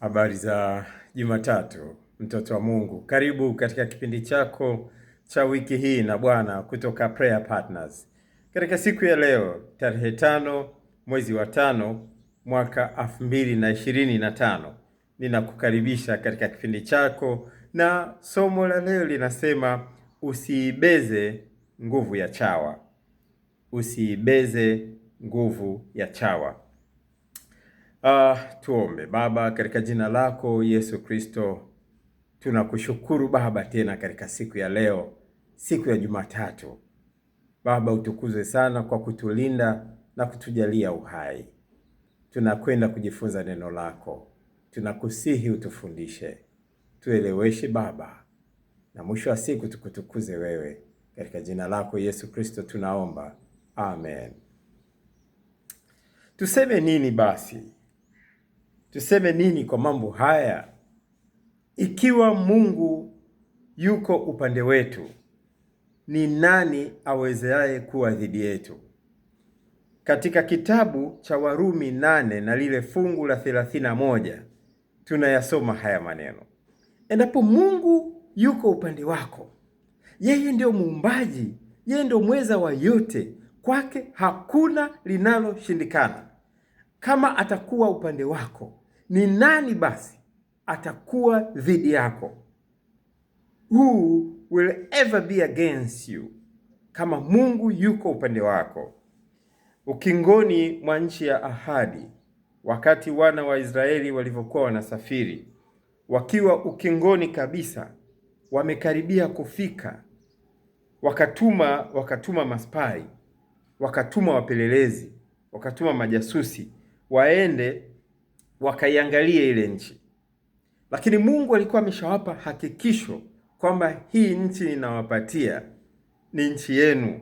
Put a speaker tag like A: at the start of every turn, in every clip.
A: Habari za Jumatatu, mtoto wa Mungu, karibu katika kipindi chako cha wiki hii na Bwana kutoka Prayer Partners. Katika siku ya leo tarehe tano mwezi wa tano mwaka elfu mbili na ishirini na tano ninakukaribisha katika kipindi chako, na somo la leo linasema usiibeze nguvu ya chawa, usiibeze nguvu ya chawa. Uh, tuombe. Baba, katika jina lako Yesu Kristo, tunakushukuru Baba tena katika siku ya leo, siku ya Jumatatu. Baba, utukuzwe sana kwa kutulinda na kutujalia uhai. Tunakwenda kujifunza neno lako, tunakusihi utufundishe, tueleweshe Baba, na mwisho wa siku tukutukuze wewe. Katika jina lako Yesu Kristo tunaomba, amen. Tuseme nini basi? Tuseme nini kwa mambo haya?
B: Ikiwa Mungu yuko upande wetu, ni nani awezeaye kuwa dhidi yetu? Katika kitabu cha Warumi nane na lile fungu la thelathini na moja tunayasoma haya maneno: endapo Mungu yuko upande wako, yeye ndio muumbaji, yeye ndio mweza wa yote, kwake hakuna linaloshindikana. Kama atakuwa upande wako ni nani basi atakuwa dhidi yako? Who will ever be against you? Kama Mungu yuko upande wako. Ukingoni mwa nchi ya ahadi, wakati wana wa Israeli walivyokuwa wanasafiri, wakiwa ukingoni kabisa, wamekaribia kufika, wakatuma wakatuma maspai, wakatuma wapelelezi, wakatuma majasusi waende wakaiangalia ile nchi, lakini Mungu alikuwa ameshawapa hakikisho kwamba hii nchi ninawapatia ni nchi yenu.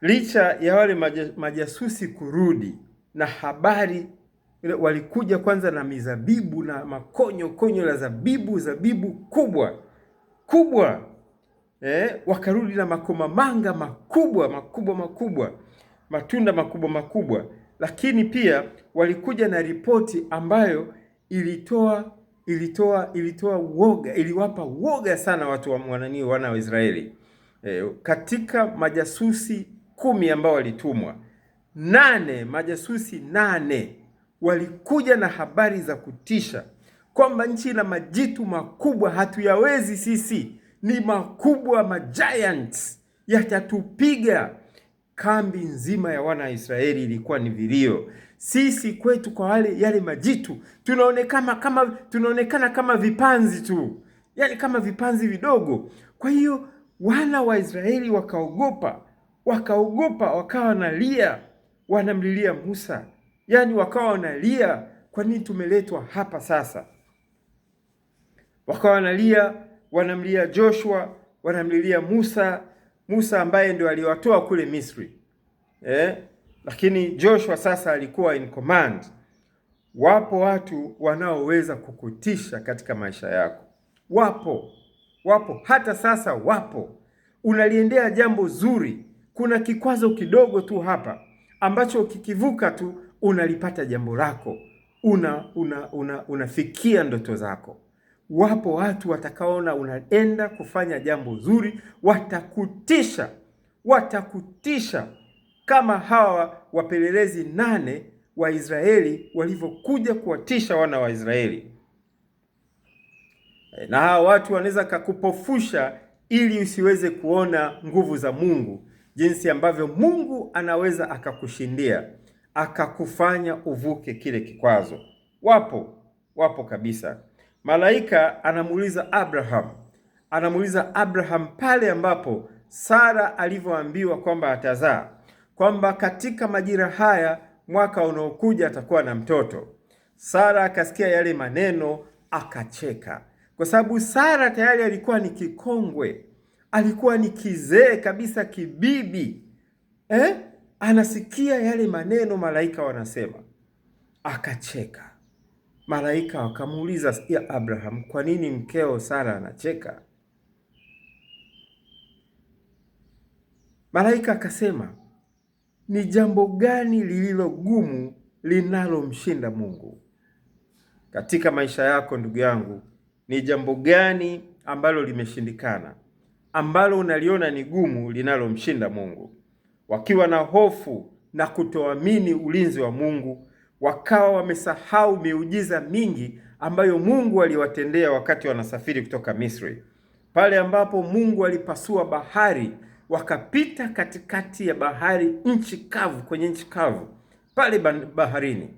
B: Licha ya wale majasusi kurudi na habari, walikuja kwanza na mizabibu na makonyo konyo la zabibu, zabibu kubwa kubwa eh, wakarudi na makomamanga makubwa makubwa makubwa, matunda makubwa makubwa lakini pia walikuja na ripoti ambayo ilitoa ilitoa ilitoa woga, iliwapa woga sana watu wa mwanani wana wa Israeli. E, katika majasusi kumi ambao walitumwa, nane majasusi nane walikuja na habari za kutisha kwamba nchi ina majitu makubwa, hatuyawezi sisi, ni makubwa, ma giants yatatupiga kambi nzima ya wana Israeli ilikuwa ni vilio. Sisi kwetu kwa wale yale majitu tunaonekana kama tunaonekana kama vipanzi tu, yani kama vipanzi vidogo. Kwa hiyo wana wa Israeli wakaogopa, wakaogopa, wakawa wanalia, wanamlilia Musa, yani wakawa wanalia, kwa nini tumeletwa hapa sasa? Wakawa wanalia, wanamlilia Joshua, wanamlilia Musa Musa ambaye ndio aliwatoa kule Misri eh? Lakini Joshua sasa alikuwa in command. Wapo watu wanaoweza kukutisha katika maisha yako, wapo wapo, hata sasa wapo. Unaliendea jambo zuri, kuna kikwazo kidogo tu hapa ambacho ukikivuka tu unalipata jambo lako, una unafikia una, una ndoto zako wapo watu watakaona unaenda kufanya jambo zuri, watakutisha, watakutisha kama hawa wapelelezi nane wa Israeli walivyokuja kuwatisha wana wa Israeli. E, na hawa watu wanaweza kakupofusha ili usiweze kuona nguvu za Mungu, jinsi ambavyo Mungu anaweza akakushindia akakufanya uvuke kile kikwazo. Wapo, wapo kabisa malaika anamuuliza Abraham, anamuuliza Abraham pale ambapo Sara alivyoambiwa kwamba atazaa, kwamba katika majira haya mwaka unaokuja atakuwa na mtoto. Sara akasikia yale maneno akacheka, kwa sababu Sara tayari alikuwa ni kikongwe, alikuwa ni kizee kabisa, kibibi eh? Anasikia yale maneno malaika wanasema, akacheka. Malaika wakamuuliza ya Abraham, kwa nini mkeo Sara anacheka? Malaika akasema, ni jambo gani lililo gumu linalomshinda Mungu? Katika maisha yako ndugu yangu, ni jambo gani ambalo limeshindikana, ambalo unaliona ni gumu linalomshinda Mungu? Wakiwa na hofu na kutoamini ulinzi wa Mungu wakawa wamesahau miujiza mingi ambayo Mungu aliwatendea wakati wanasafiri kutoka Misri, pale ambapo Mungu alipasua bahari wakapita katikati ya bahari, nchi kavu, kwenye nchi kavu pale baharini.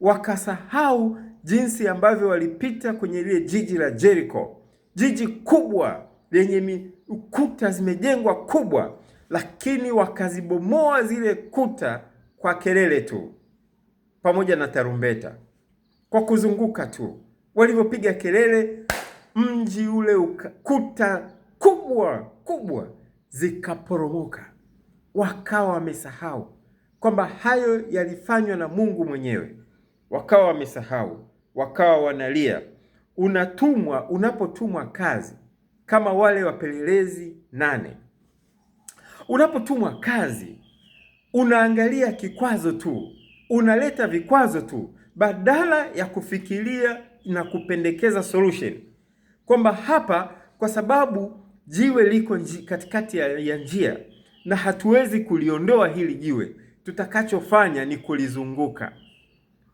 B: Wakasahau jinsi ambavyo walipita kwenye lile jiji la Jericho, jiji kubwa lenye kuta zimejengwa kubwa, lakini wakazibomoa zile kuta kwa kelele tu pamoja na tarumbeta kwa kuzunguka tu. Walivyopiga kelele, mji ule uka, kuta kubwa kubwa zikaporomoka, wakawa wamesahau kwamba hayo yalifanywa na Mungu mwenyewe, wakawa wamesahau, wakawa wanalia. Unatumwa, unapotumwa kazi kama wale wapelelezi nane, unapotumwa kazi unaangalia kikwazo tu unaleta vikwazo tu, badala ya kufikiria na kupendekeza solution kwamba hapa, kwa sababu jiwe liko katikati ya njia na hatuwezi kuliondoa hili jiwe, tutakachofanya ni kulizunguka.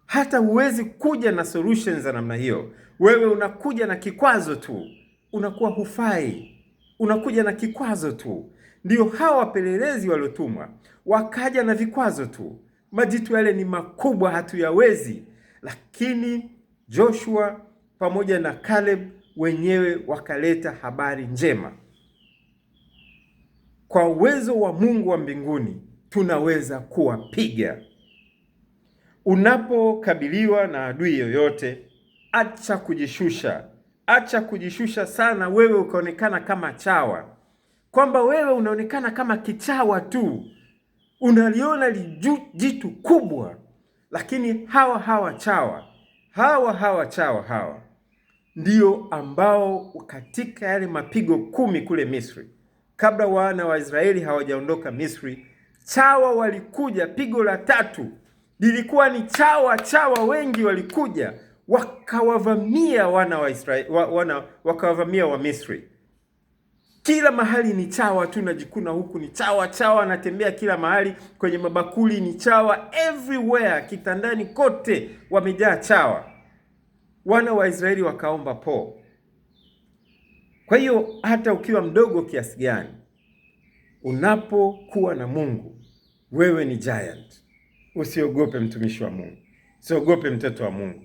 B: Hata huwezi kuja na solution za namna hiyo, wewe unakuja na kikwazo tu, unakuwa hufai, unakuja na kikwazo tu. Ndio hawa wapelelezi waliotumwa wakaja na vikwazo tu majitu yale ni makubwa, hatuyawezi. Lakini Joshua pamoja na Caleb wenyewe wakaleta habari njema. Kwa uwezo wa Mungu wa mbinguni tunaweza kuwapiga. Unapokabiliwa na adui yoyote, acha kujishusha, acha kujishusha sana, wewe ukaonekana kama chawa, kwamba wewe unaonekana kama kichawa tu unaliona jitu kubwa, lakini hawa hawa chawa hawa hawa chawa hawa ndio ambao katika yale mapigo kumi kule Misri, kabla wana wa Israeli hawajaondoka Misri, chawa walikuja. Pigo la tatu lilikuwa ni chawa, chawa wengi walikuja wakawavamia wana wa Israeli, wana wakawavamia wa Misri kila mahali ni chawa tu, najikuna huku ni chawa chawa, natembea kila mahali, kwenye mabakuli ni chawa, everywhere, kitandani kote wamejaa chawa. Wana wa Israeli wakaomba po. Kwa hiyo hata ukiwa mdogo kiasi gani, unapokuwa na Mungu wewe ni giant. Usiogope mtumishi wa Mungu, usiogope mtoto wa Mungu.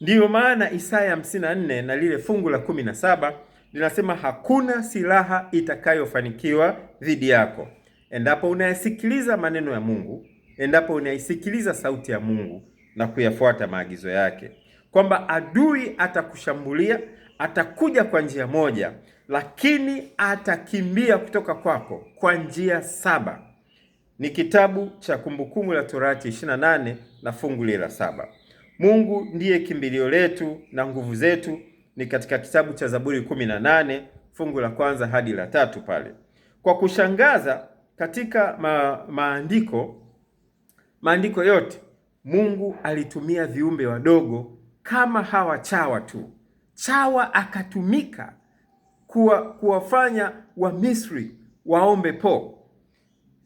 B: Ndiyo maana Isaya 54 na lile fungu la saba linasema hakuna silaha itakayofanikiwa dhidi yako. Endapo unayasikiliza maneno ya Mungu, endapo unaisikiliza sauti ya Mungu na kuyafuata maagizo yake, kwamba adui atakushambulia, atakuja kwa njia moja, lakini atakimbia kutoka kwako kwa njia saba. Ni kitabu cha Kumbukumbu la Torati 28 na fungu la saba. Mungu ndiye kimbilio letu na nguvu zetu ni katika kitabu cha Zaburi 18 fungu la kwanza hadi la tatu pale. Kwa kushangaza katika ma, maandiko maandiko yote Mungu alitumia viumbe wadogo kama hawa chawa tu. Chawa akatumika kuwa, kuwafanya Wamisri waombe po,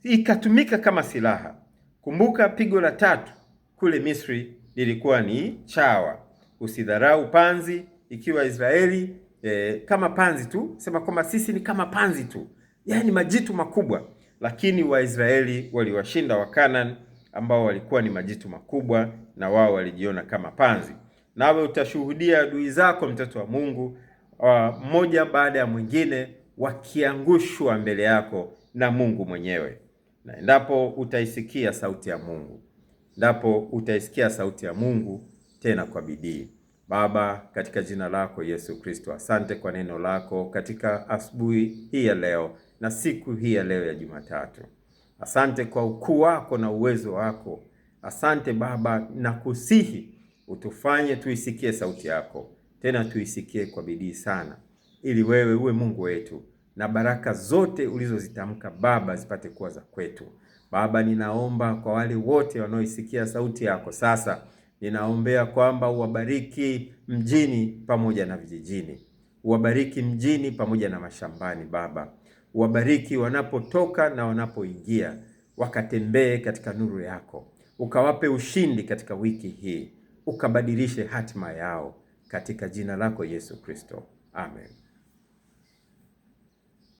B: ikatumika kama silaha. Kumbuka pigo la tatu kule Misri lilikuwa ni chawa. Usidharau panzi ikiwa Israeli e, kama panzi tu, sema kwamba sisi ni kama panzi tu, yaani majitu makubwa, lakini Waisraeli waliwashinda Wakanani ambao walikuwa ni majitu makubwa na wao walijiona kama panzi. Nawe utashuhudia adui zako, mtoto wa Mungu, mmoja baada ya mwingine wakiangushwa mbele yako na Mungu mwenyewe. Na endapo utaisikia sauti ya Mungu, ndapo utaisikia sauti ya Mungu tena kwa bidii. Baba, katika jina lako Yesu Kristo, asante kwa neno lako katika asubuhi hii ya leo na siku hii ya leo ya Jumatatu. Asante kwa ukuu wako na uwezo wako. Asante Baba, na kusihi utufanye tuisikie sauti yako, tena tuisikie kwa bidii sana, ili wewe uwe Mungu wetu na baraka zote ulizozitamka Baba zipate kuwa za kwetu. Baba, ninaomba kwa wale wote wanaoisikia sauti yako sasa ninaombea kwamba uwabariki mjini pamoja na vijijini, uwabariki mjini pamoja na mashambani. Baba, uwabariki wanapotoka na wanapoingia, wakatembee katika nuru yako, ukawape ushindi katika wiki hii, ukabadilishe hatima yao katika jina lako Yesu Kristo, amen.